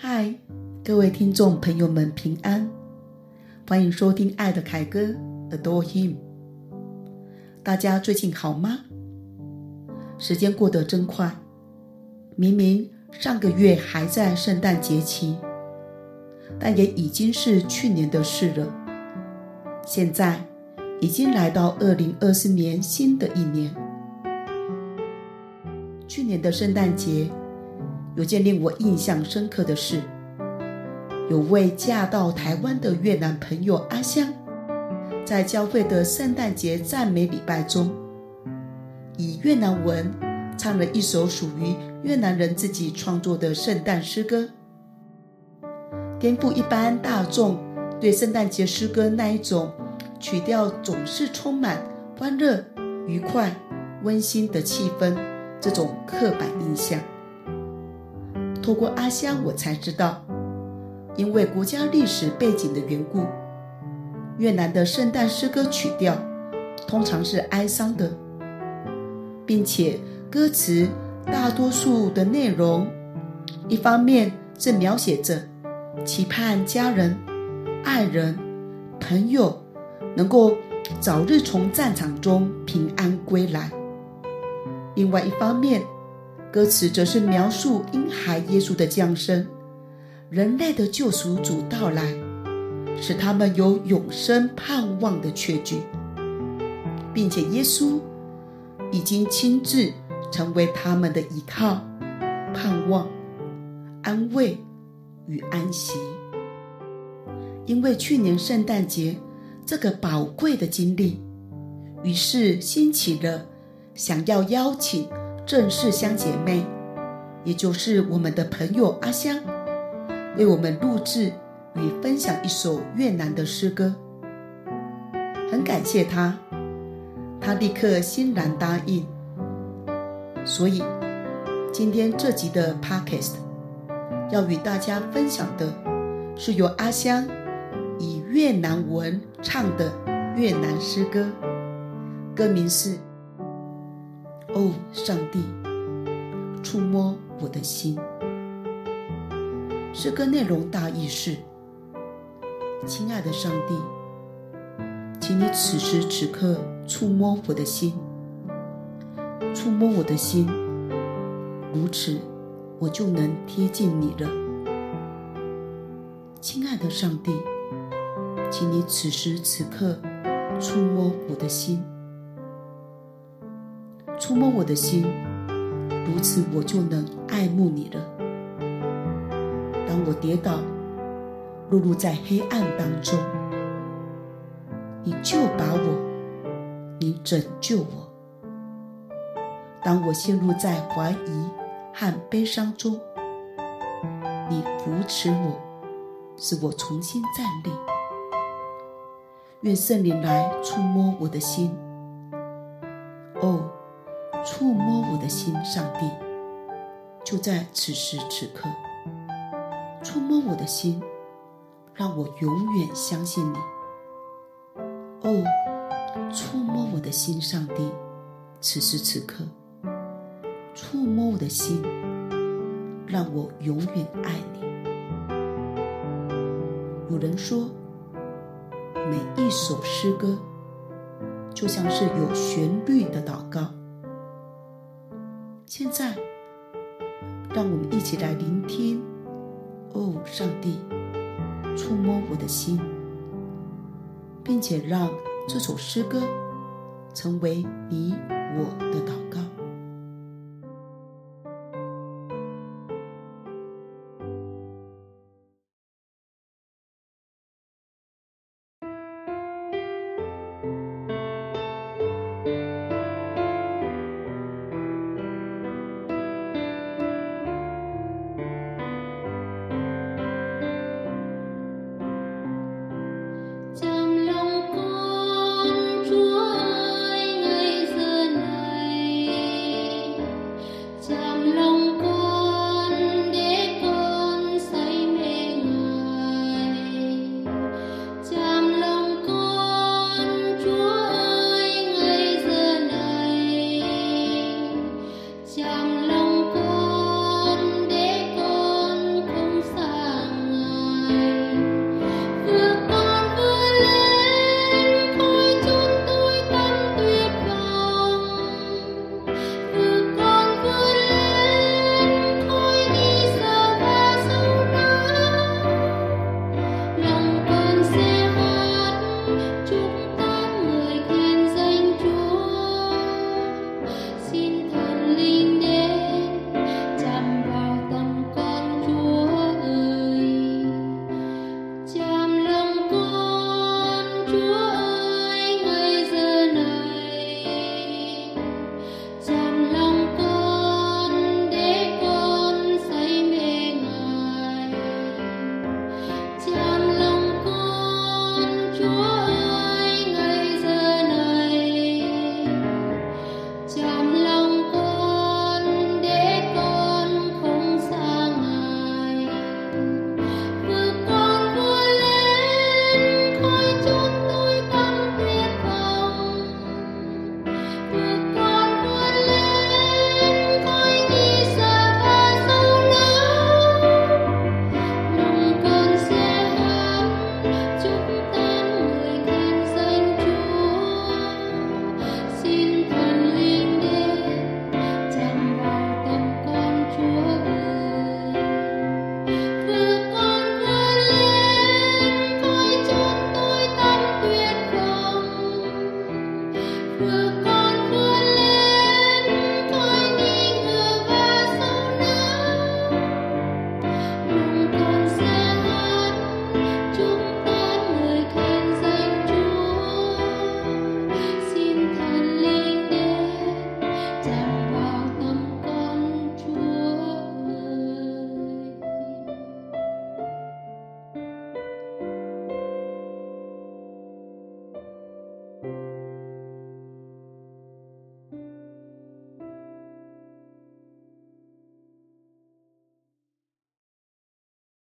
嗨，各位聽眾朋友們，平安，歡迎收聽《愛的凱歌》Adore Him。大家最近好嗎？時間過得真快，明明上個月還在聖誕節期，但也已經是去年的事了。現在已經來到2024年新的一年。去年的聖誕節，有件令我印象深刻的事，有位嫁到台灣的越南朋友阿香，在教會的聖誕節讚美禮拜中，以越南文唱了一首屬於越南人自己創作的聖誕詩歌，顛覆一般大眾對聖誕節詩歌那一種曲調總是充滿歡樂、愉快、溫馨的氣氛，這種刻板印象。透過阿香，我才知道，因為國家歷史背景的緣故，越南的聖誕詩歌曲調通常是哀傷的，並且歌詞大多數的內容，一方面正描寫着期盼家人、愛人、朋友能夠早日從戰場中平安歸來，另外一方面。歌詞則是描述嬰孩耶穌的降生，人類的救贖主到來，使他們有永生盼望的確據，並且耶穌已經親自成為他們的依靠、盼望、安慰與安息。因為去年聖誕節這個寶貴的經歷，於是興起了想要邀請。鄭氏香姐妹，也就是我們的朋友阿香，為我們錄製與分享一首越南的詩歌。很感謝她，她立刻欣然答應。所以，今天這集的 podcast 要與大家分享的是由阿香以越南文唱的越南詩歌，歌名是。哦，上帝，觸摸我的心。詩歌內容大意是：親愛的上帝，請你此時此刻觸摸我的心，觸摸我的心，如此我就能貼近你了。親愛的上帝，請你此時此刻觸摸我的心。觸摸我的心，如此我就能愛慕你了。當我跌倒，落入在黑暗當中，你就把我，你拯救我。當我陷入在懷疑和悲傷中，你扶持我，使我重新站立。願聖靈來觸摸我的心，哦。觸摸我的心，上帝，就在此時此刻。觸摸我的心，讓我永遠相信你。哦，觸摸我的心，上帝，此時此刻。觸摸我的心，讓我永遠愛你。有人說，每一首詩歌就像是有旋律的禱告。現在，讓我們一起來聆聽，哦，上帝，觸摸我的心，並且讓這首詩歌成為你我的禱告。